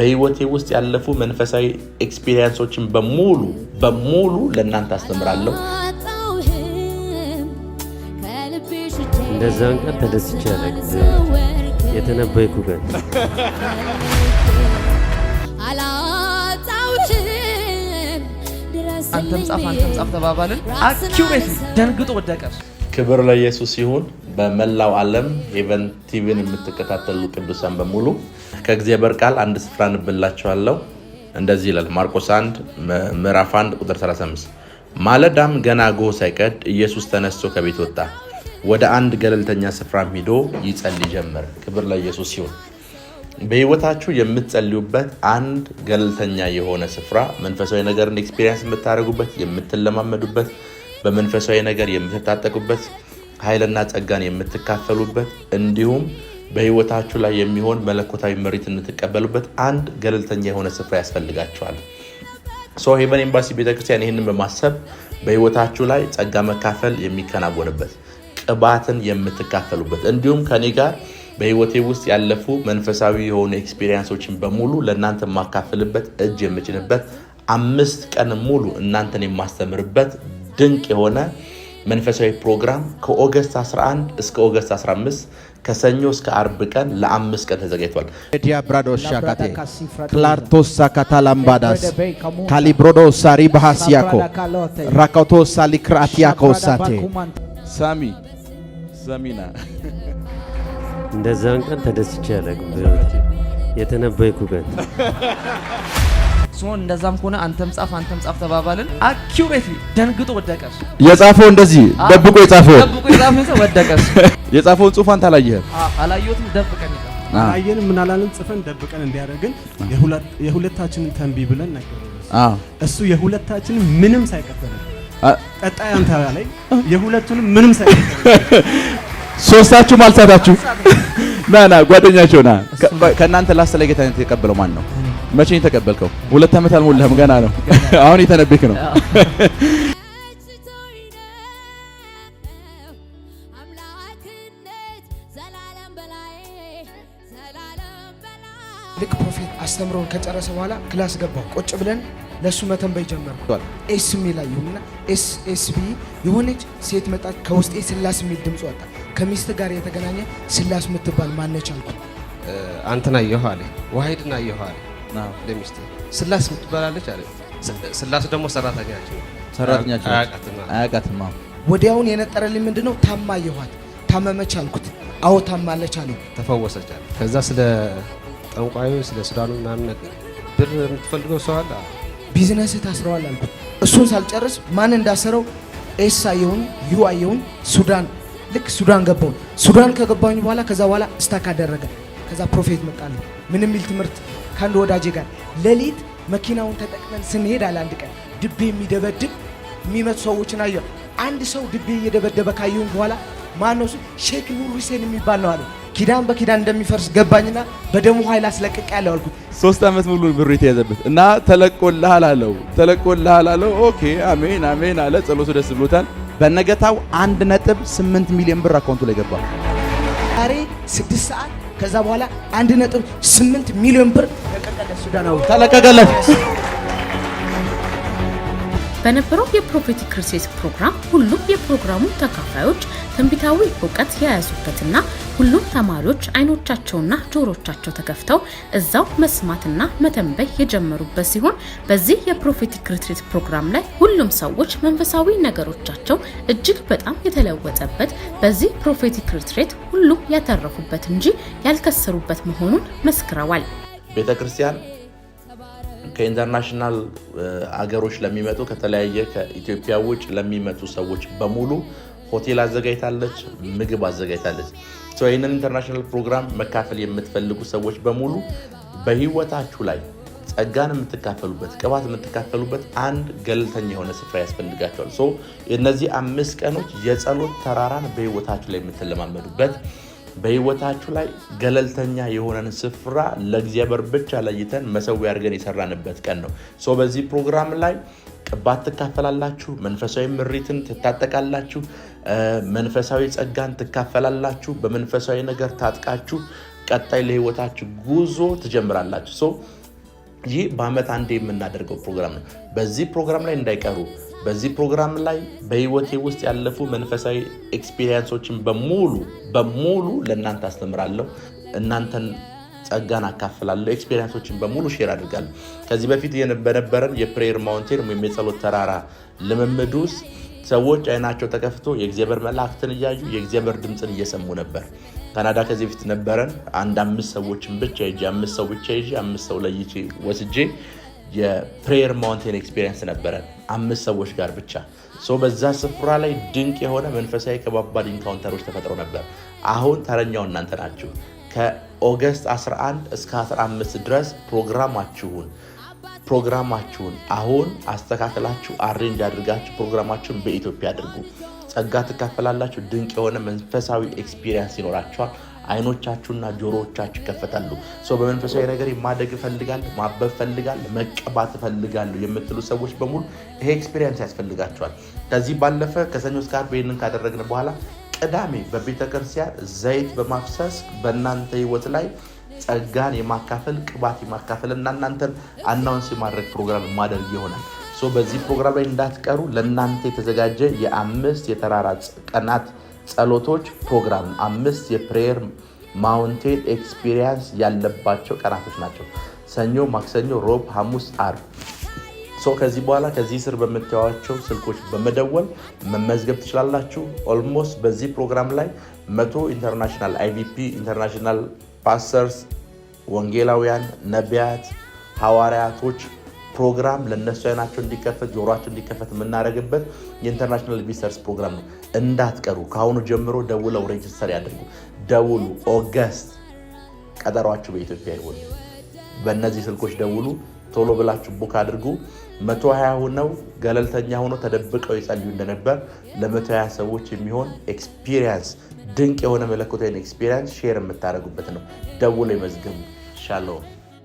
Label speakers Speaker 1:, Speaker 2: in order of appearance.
Speaker 1: በህይወቴ ውስጥ ያለፉ መንፈሳዊ ኤክስፒሪየንሶችን በሙሉ በሙሉ ለእናንተ አስተምራለሁ።
Speaker 2: እንደዛን ቀን ተደስቼ ያለቅ የተነበይኩ ቀን
Speaker 3: አንተም ጻፍ አንተም ጻፍ ተባባልን። አኪሬት ደንግጦ ወደቀር
Speaker 1: ክብር ለኢየሱስ ይሁን። በመላው ዓለም ኤቨን ቲቪን የምትከታተሉ ቅዱሳን በሙሉ ከእግዚአብሔር ቃል አንድ ስፍራ እንብላችኋለሁ። እንደዚህ ይላል ማርቆስ 1 ምዕራፍ 1 ቁጥር 35 ማለዳም ገና ጎህ ሳይቀድ ኢየሱስ ተነስቶ ከቤት ወጣ፣ ወደ አንድ ገለልተኛ ስፍራም ሂዶ ይጸልይ ጀመር። ክብር ለኢየሱስ ይሁን። በህይወታችሁ የምትጸልዩበት አንድ ገለልተኛ የሆነ ስፍራ መንፈሳዊ ነገርን ኤክስፔሪንስ የምታደርጉበት የምትለማመዱበት በመንፈሳዊ ነገር የምትታጠቁበት፣ ኃይልና ጸጋን የምትካፈሉበት እንዲሁም በህይወታችሁ ላይ የሚሆን መለኮታዊ መሬት የምትቀበሉበት አንድ ገለልተኛ የሆነ ስፍራ ያስፈልጋቸዋል። ሶ ሄቨን ኤምባሲ ቤተክርስቲያን ይህንን በማሰብ በህይወታችሁ ላይ ጸጋ መካፈል የሚከናወንበት ቅባትን የምትካፈሉበት እንዲሁም ከኔ ጋር በህይወቴ ውስጥ ያለፉ መንፈሳዊ የሆኑ ኤክስፔሪንሶችን በሙሉ ለእናንተ የማካፍልበት እጅ የምጭንበት አምስት ቀን ሙሉ እናንተን የማስተምርበት ድንቅ የሆነ መንፈሳዊ ፕሮግራም ከኦገስት 11 እስከ ኦገስት 15 ከሰኞ እስከ አርብ ቀን ለአምስት ቀን ተዘጋጅቷል።
Speaker 4: ዲያብራዶሻ ካቴ ክላርቶሳ ካታላምባዳስ ካሊብሮዶሳ ሪባሃስያኮ ራካቶሳ ሊክራአትያኮሳቴ
Speaker 5: ሳሚ ሳሚና
Speaker 2: እንደዛን ቀን ተደስቼ ያለግ የተነበይኩ ቀን
Speaker 3: ሲሆን እንደዛም ከሆነ አንተም ጻፍ አንተም ጻፍ ተባባልን። አኪውሬትሊ ደንግጦ ወደቀ።
Speaker 6: የጻፈው እንደዚህ ደብቆ የጻፈው ደብቆ የጻፈው ሰው ወደቀ። የጻፈውን ጽሁፍ አንተ አላየህም? አላየሁትም።
Speaker 7: ደብቀን አላየንም። ምን አላልን? ጽፈን ደብቀን እንዲያደርግን የሁለታችንን ተንቢ ብለን ነገር እሱ የሁለታችንን ምንም ሳይቀበል ቀጣይ አንተ ላይ የሁለቱንም ምንም ሳይቀበል
Speaker 6: ሶስታችሁም አልሳታችሁ። ና ና ጓደኛቸው ና ከእናንተ ላስት ጌታ የተቀበለው ማን ነው? መቼ የተቀበልከው? ሁለት ዓመት አልሞላህም፣ ገና ነው። አሁን የተነበክ ነው።
Speaker 8: ልክ ፕሮፌት አስተምሮን ከጨረሰ በኋላ ክላስ ገባው። ቁጭ ብለን ለእሱ መተንበይ ጀመረ። ኤስ ሚ ላይ ይሁንና ኤስ ኤስ ቢ የሆነች ሴት መጣች። ከውስጤ ስላስ የሚል ድምፅ ወጣ። ከሚስት ጋር የተገናኘ ስላስ የምትባል ማነች አልኩ።
Speaker 9: አንተን አየኋ አለ ዋሂድን ለሚስት ስላስ ምትባላለች አለ። ስላስ ደግሞ ሰራተኛቸው
Speaker 10: ሰራተኛቸው አያውቃትም።
Speaker 8: ወዲያውን የነጠረልኝ ምንድን ነው ታማ የኋት ታመመች አልኩት። አዎ ታማለች አለ።
Speaker 9: ተፈወሰች አለ። ከዛ ስለ ጠንቋዩ ስለ ሱዳኑ ምናምን ብር የምትፈልገው ሰው አለ
Speaker 8: ቢዝነስህ ታስረዋል አልኩት። እሱን ሳልጨርስ ማን እንዳሰረው ኤስ የሆን ዩ የሆን ሱዳን ልክ ሱዳን ገባሁኝ። ሱዳን ከገባሁኝ በኋላ ከዛ በኋላ እስታክ አደረገ። ከዛ ፕሮፌት መጣለ ምንም ሚል ትምህርት ከአንድ ወዳጅ ጋር ሌሊት መኪናውን ተጠቅመን ስንሄድ አለ አንድ ቀን ድቤ የሚደበድብ የሚመቱ ሰዎችን አየሁ። አንድ ሰው ድቤ እየደበደበ ካየሁኝ በኋላ ማነው እሱ? ሼክ ኑር ሁሴን የሚባል ነው አለ። ኪዳን በኪዳን እንደሚፈርስ ገባኝና በደሙ ኃይል አስለቅቅ ያለው አልኩት።
Speaker 6: ሶስት ዓመት ሙሉ ብሩ የተያዘበት እና ተለቆልሃል አለው። ተለቆልሃል አለው። ኦኬ አሜን አሜን አለ። ጸሎቱ ደስ ብሎታል። በነገታው አንድ ነጥብ ስምንት ሚሊዮን ብር አካውንቱ ላይ ገባ።
Speaker 8: ዛሬ ስድስት ሰዓት ከዛ በኋላ አንድ ነጥብ ስምንት ሚሊዮን ብር ተለቀቀለት ሱዳናዊ ተለቀቀለት።
Speaker 11: በነበረው የፕሮፌቲክ ሪሴት ፕሮግራም ሁሉም የፕሮግራሙ ተካፋዮች ትንቢታዊ እውቀት የያዙበትና ሁሉም ተማሪዎች አይኖቻቸውና ጆሮቻቸው ተከፍተው እዛው መስማትና መተንበይ የጀመሩበት ሲሆን በዚህ የፕሮፌቲክ ሪትሪት ፕሮግራም ላይ ሁሉም ሰዎች መንፈሳዊ ነገሮቻቸው እጅግ በጣም የተለወጠበት በዚህ ፕሮፌቲክ ሪትሪት ሁሉም ያተረፉበት እንጂ ያልከሰሩበት መሆኑን መስክረዋል።
Speaker 1: ቤተ ክርስቲያን ከኢንተርናሽናል አገሮች ለሚመጡ ከተለያየ ከኢትዮጵያ ውጭ ለሚመጡ ሰዎች በሙሉ ሆቴል አዘጋጅታለች፣ ምግብ አዘጋጅታለች። ይህንን ኢንተርናሽናል ፕሮግራም መካፈል የምትፈልጉ ሰዎች በሙሉ በህይወታችሁ ላይ ጸጋን የምትካፈሉበት ቅባት የምትካፈሉበት አንድ ገለልተኛ የሆነ ስፍራ ያስፈልጋቸዋል። እነዚህ አምስት ቀኖች የጸሎት ተራራን በህይወታችሁ ላይ የምትለማመዱበት በህይወታችሁ ላይ ገለልተኛ የሆነን ስፍራ ለእግዚአብሔር ብቻ ለይተን መሰዊ አድርገን የሰራንበት ቀን ነው። በዚህ ፕሮግራም ላይ ቅባት ትካፈላላችሁ፣ መንፈሳዊ ምሪትን ትታጠቃላችሁ፣ መንፈሳዊ ጸጋን ትካፈላላችሁ፣ በመንፈሳዊ ነገር ታጥቃችሁ ቀጣይ ለህይወታችሁ ጉዞ ትጀምራላችሁ። ይህ በአመት አንዴ የምናደርገው ፕሮግራም ነው። በዚህ ፕሮግራም ላይ እንዳይቀሩ በዚህ ፕሮግራም ላይ በህይወቴ ውስጥ ያለፉ መንፈሳዊ ኤክስፒሪየንሶችን በሙሉ በሙሉ ለእናንተ አስተምራለሁ። እናንተን ጸጋን አካፍላለሁ። ኤክስፒሪየንሶችን በሙሉ ሼር አድርጋለሁ። ከዚህ በፊት በነበረን የፕሬየር ማውንቴን ወይም የጸሎት ተራራ ልምምድ ውስጥ ሰዎች አይናቸው ተከፍቶ የእግዚአብሔር መላእክትን እያዩ የእግዚአብሔር ድምፅን እየሰሙ ነበር። ካናዳ ከዚህ በፊት ነበረን። አንድ አምስት ሰዎችን ብቻ ይዤ አምስት ሰው ብቻ ይዤ አምስት ሰው ለይቼ ወስጄ የፕሬየር ማውንቴን ኤክስፔሪንስ ነበረን አምስት ሰዎች ጋር ብቻ። በዛ ስፍራ ላይ ድንቅ የሆነ መንፈሳዊ ከባባድ ኢንካውንተሮች ተፈጥሮ ነበር። አሁን ተረኛው እናንተ ናችሁ። ከኦገስት 11 እስከ 15 ድረስ ፕሮግራማችሁን ፕሮግራማችሁን አሁን አስተካክላችሁ አሬንጅ አድርጋችሁ ፕሮግራማችሁን በኢትዮጵያ አድርጉ። ጸጋ ትካፈላላችሁ። ድንቅ የሆነ መንፈሳዊ ኤክስፒሪየንስ ይኖራችኋል። አይኖቻችሁና ጆሮዎቻችሁ ይከፈታሉ። ሰው በመንፈሳዊ ነገር ማደግ እፈልጋለሁ፣ ማበብ እፈልጋለሁ፣ መቀባት እፈልጋለሁ የምትሉ ሰዎች በሙሉ ይሄ ኤክስፔሪንስ ያስፈልጋቸዋል። ከዚህ ባለፈ ከሰኞ እስከ ዓርብ ይህንን ካደረግን በኋላ ቅዳሜ በቤተክርስቲያን ዘይት በማፍሰስ በእናንተ ህይወት ላይ ጸጋን የማካፈል ቅባት የማካፈል እና እናንተን አናውንስ የማድረግ ፕሮግራም ማደርግ ይሆናል። በዚህ ፕሮግራም ላይ እንዳትቀሩ ለእናንተ የተዘጋጀ የአምስት የተራራ ቀናት ጸሎቶች ፕሮግራም አምስት የፕሬየር ማውንቴን ኤክስፒሪየንስ ያለባቸው ቀናቶች ናቸው። ሰኞ፣ ማክሰኞ፣ ሮብ፣ ሐሙስ፣ አርብ። ከዚህ በኋላ ከዚህ ስር በምታዩቸው ስልኮች በመደወል መመዝገብ ትችላላችሁ። ኦልሞስት በዚህ ፕሮግራም ላይ መቶ ኢንተርናሽናል አይቪፒ ኢንተርናሽናል ፓስተርስ፣ ወንጌላውያን፣ ነቢያት፣ ሐዋርያቶች ፕሮግራም ለነሱ አይናቸው እንዲከፈት ጆሮቸው እንዲከፈት የምናደርግበት የኢንተርናሽናል ቪዚተርስ ፕሮግራም ነው። እንዳትቀሩ። ከአሁኑ ጀምሮ ደውለው ሬጅስተር ያደርጉ ደውሉ። ኦገስት ቀጠሯችሁ በኢትዮጵያ ይሆን። በእነዚህ ስልኮች ደውሉ። ቶሎ ብላችሁ ቡክ አድርጉ። መቶ ሀያ ሆነው ገለልተኛ ሆኖ ተደብቀው ይጸልዩ እንደነበር ለመቶ ሀያ ሰዎች የሚሆን ኤክስፒሪየንስ ድንቅ የሆነ መለኮታዊ ኤክስፒሪየንስ ሼር የምታደርጉበት ነው። ደውሎ ይመዝገቡ። ሻሎም